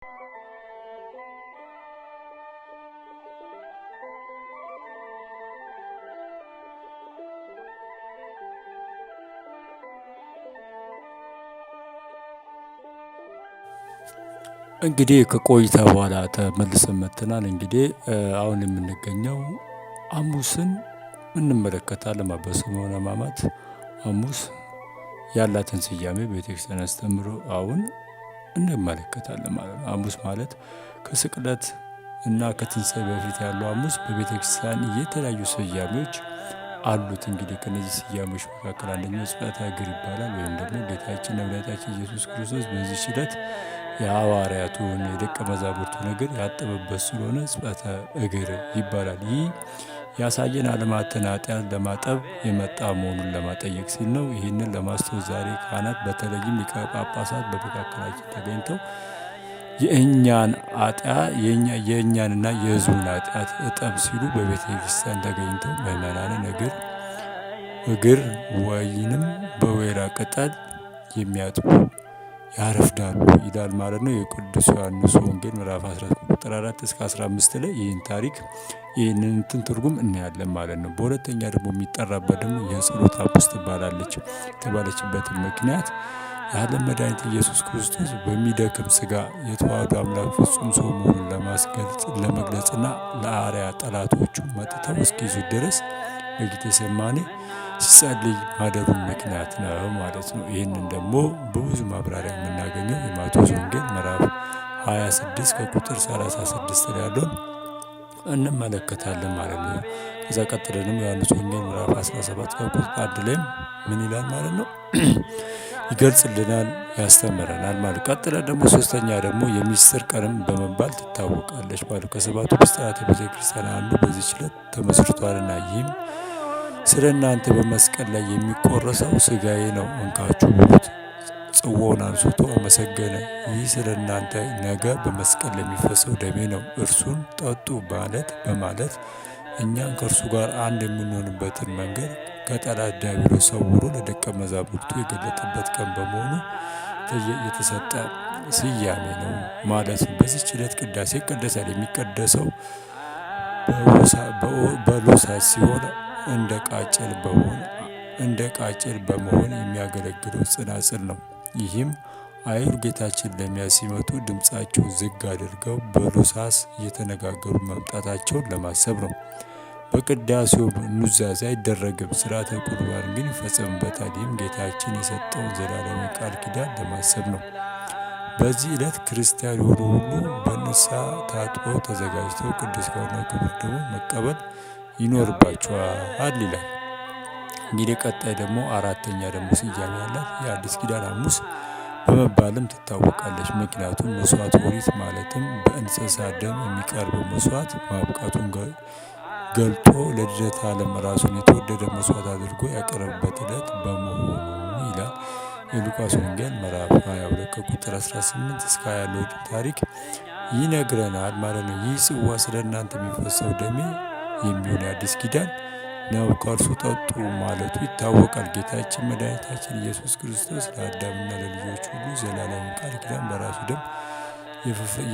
እንግዲህ ከቆይታ በኋላ ተመልሰን መጥተናል። እንግዲህ አሁን የምንገኘው ሐሙስን እንመለከታለን። ማበስመ ሕማማት ሐሙስ ያላትን ስያሜ ቤተክርስቲያን አስተምሮ አሁን እንመለከታለን ማለት ነው። ሐሙስ ማለት ከስቅለት እና ከትንሣኤ በፊት ያለው ሐሙስ በቤተ ክርስቲያን የተለያዩ ስያሜዎች አሉት። እንግዲህ ከነዚህ ስያሜዎች መካከል አንደኛው ጽላተ እግር ይባላል። ወይም ደግሞ ጌታችን መድኃኒታችን ኢየሱስ ክርስቶስ በዚህ ዕለት የሐዋርያቱን የደቀ መዛሙርቱን እግር ያጠበበት ስለሆነ ጽላተ እግር ይባላል። ይህ ያሳየን ዓለማትን ኃጢአት ለማጠብ የመጣ መሆኑን ለማጠየቅ ሲል ነው። ይህንን ለማስተው ዛሬ ካህናት በተለይም ሊቀ ጳጳሳት በመካከላችን ተገኝተው የእኛን አጥያ የእኛንና የሕዝቡን ኃጢአት እጠብ ሲሉ በቤተ ክርስቲያን ተገኝተው ምእመናንን እግር እግር ወይንም በወይራ ቅጠል የሚያጥቡ ያረፍዳሉ ይላል ማለት ነው የቅዱስ ዮሐንስ ወንጌል ምዕራፍ 1 ቁጥር 4 እስከ 15 ላይ ይህን ታሪክ ይህንንትን ትርጉም እናያለን ማለት ነው። በሁለተኛ ደግሞ የሚጠራበት ደግሞ የጸሎት ሐሙስ ትባላለች። የተባለችበትን ምክንያት የዓለም መድኃኒት ኢየሱስ ክርስቶስ በሚደክም ስጋ የተዋህዶ አምላክ ፍጹም ሰው መሆኑን ለማስገልጽ ለመግለጽና ለአርያ ጠላቶቹ መጥተው እስኪይዙት ድረስ በጌቴሴማኒ ሲጸልይ ማደሩን ምክንያት ነው ማለት ነው። ይህንን ደግሞ በብዙ ማብራሪያ የምናገ 26 ከቁጥር 36 ላይ ያለውን እንመለከታለን ማለት ነው። ከዛ ቀጥለንም ዮሐንስ ወንጌል ምዕራፍ 17 ከቁጥር አንድ ላይም ምን ይላል ማለት ነው ይገልጽልናል፣ ያስተምረናል ማለት ቀጥለ ደግሞ ሶስተኛ ደግሞ የሚስጥር ቀንም በመባል ትታወቃለች ማለት ከሰባቱ ምስጢራት ቤተክርስቲያን ክርስቲያን አንዱ በዚህ ችለት ተመስርቷልና ይህም ስለ እናንተ በመስቀል ላይ የሚቆረሰው ስጋዬ ነው እንካችሁ ብሉት ጽዋውን አንስቶ አመሰገነ። ይህ ስለ እናንተ ነገ በመስቀል ለሚፈሰው ደሜ ነው፣ እርሱን ጠጡ ማለት በማለት እኛን ከእርሱ ጋር አንድ የምንሆንበትን መንገድ ከጠላት ዲያብሎስ ሰውሮ ለደቀ መዛሙርቱ የገለጠበት ቀን በመሆኑ የተሰጠ ስያሜ ነው ማለት ነው። በዚች ዕለት ቅዳሴ ይቀደሳል። የሚቀደሰው በሎሳት ሲሆን እንደ ቃጭል በመሆን እንደ ቃጭል በመሆን የሚያገለግለው ጽናጽል ነው። ይህም አይሁድ ጌታችን ለሚያዝ ሲመጡ ድምፃቸው ዝግ አድርገው በሉሳስ እየተነጋገሩ መምጣታቸውን ለማሰብ ነው። በቅዳሴው ኑዛዜ አይደረግም። ስርዓተ ቁርባን ግን ይፈጸምበታል። ይህም ጌታችን የሰጠውን ዘላለማዊ ቃል ኪዳን ለማሰብ ነው። በዚህ ዕለት ክርስቲያን የሆኑ ሁሉ በንሳ ታጥቦ ተዘጋጅተው ቅዱስ ከሆነ ክብር ደግሞ መቀበል ይኖርባቸዋል ይላል። እንግዲህ ቀጣይ ደግሞ አራተኛ ደግሞ ስያሜ ያላት የአዲስ ኪዳን ሐሙስ በመባልም ትታወቃለች። ምክንያቱም መስዋዕት ኦሪት ማለትም በእንስሳ ደም የሚቀርብ መስዋዕት ማብቃቱን ገልጦ ለልደተ ዓለም ራሱን የተወደደ መስዋዕት አድርጎ ያቀረበበት ዕለት በመሆኑ ይላል የሉቃስ ወንጌል ምዕራፍ 22 ቁጥር 18 እስከ 20 ያለው ታሪክ ይነግረናል ማለት ነው። ይህ ጽዋ ስለ እናንተ የሚፈሰው ደሜ የሚሆን የአዲስ ኪዳን ነው ከእርሱ ጠጡ ማለቱ ይታወቃል። ጌታችን መድኃኒታችን ኢየሱስ ክርስቶስ ለአዳምና ለልጆች ሁሉ ዘላለም ቃል ኪዳን በራሱ ደም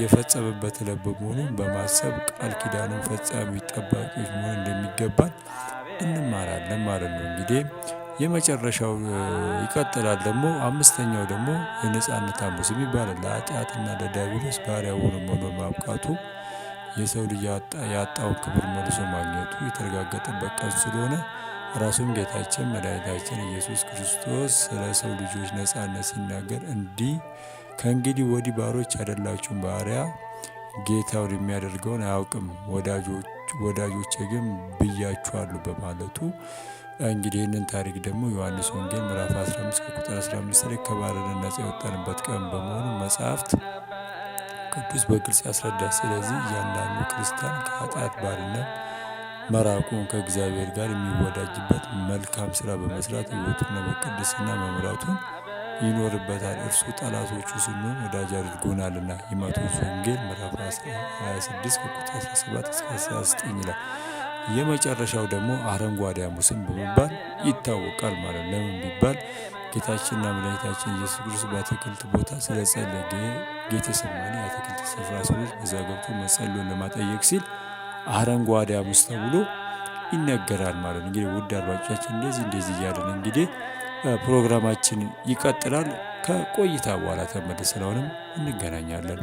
የፈጸመበት ዕለት በመሆኑን በማሰብ ቃል ኪዳኑን ፈጻሚ ጠባቂዎች መሆን እንደሚገባን እንማራለን ማለት ነው። እንግዲህ የመጨረሻው ይቀጥላል። ደግሞ አምስተኛው ደግሞ የነጻነት ሐሙስ ይባላል። ለኃጢአትና ለዲያብሎስ ባሪያ ሆኖ መኖር ማብቃቱ የሰው ልጅ ያጣው ክብር መልሶ ማግኘቱ የተረጋገጠበት ቀን ስለሆነ ራሱም ጌታችን መድኃኒታችን ኢየሱስ ክርስቶስ ስለ ሰው ልጆች ነጻነት ሲናገር እንዲህ ከእንግዲህ ወዲህ ባሮች አይደላችሁም፣ ባሪያ ጌታው የሚያደርገውን አያውቅም፣ ወዳጆቼ ግን ብያችኋሉ በማለቱ እንግዲህ ይህንን ታሪክ ደግሞ ዮሐንስ ወንጌል ምዕራፍ 15 ቁጥር 15 ላይ ከባርነት ነጻ የወጣንበት ቀን በመሆኑ መጽሐፍት ቅዱስ በግልጽ ያስረዳል። ስለዚህ እያንዳንዱ ክርስቲያን ከኃጢአት ባርነት መራቁን ከእግዚአብሔር ጋር የሚወዳጅበት መልካም ስራ በመስራት ሕይወቱን በቅድስና መምራቱን ይኖርበታል። እርሱ ጠላቶቹ ስንሆን ወዳጅ አድርጎናልና የማቴዎስ ወንጌል ምዕራፍ 26 ቁጥር 17 እስከ 19 ይላል። የመጨረሻው ደግሞ አረንጓዴ ሐሙስን በመባል ይታወቃል ማለት ለምን ቢባል ጌታችንና መድኃኒታችን ኢየሱስ ክርስቶስ በአትክልት ቦታ ስለጸለየ ጌቴሰማኒ የአትክልት ስፍራ ሰዎች በዛ ገብቶ መጸሎን ለማጠየቅ ሲል አረንጓዴ ሐሙስ ተብሎ ይነገራል ማለት ነው። እንግዲህ ውድ አድማጮቻችን እንደዚህ እንደዚህ እያለን እንግዲህ ፕሮግራማችን ይቀጥላል። ከቆይታ በኋላ ተመልሰን አሁንም እንገናኛለን።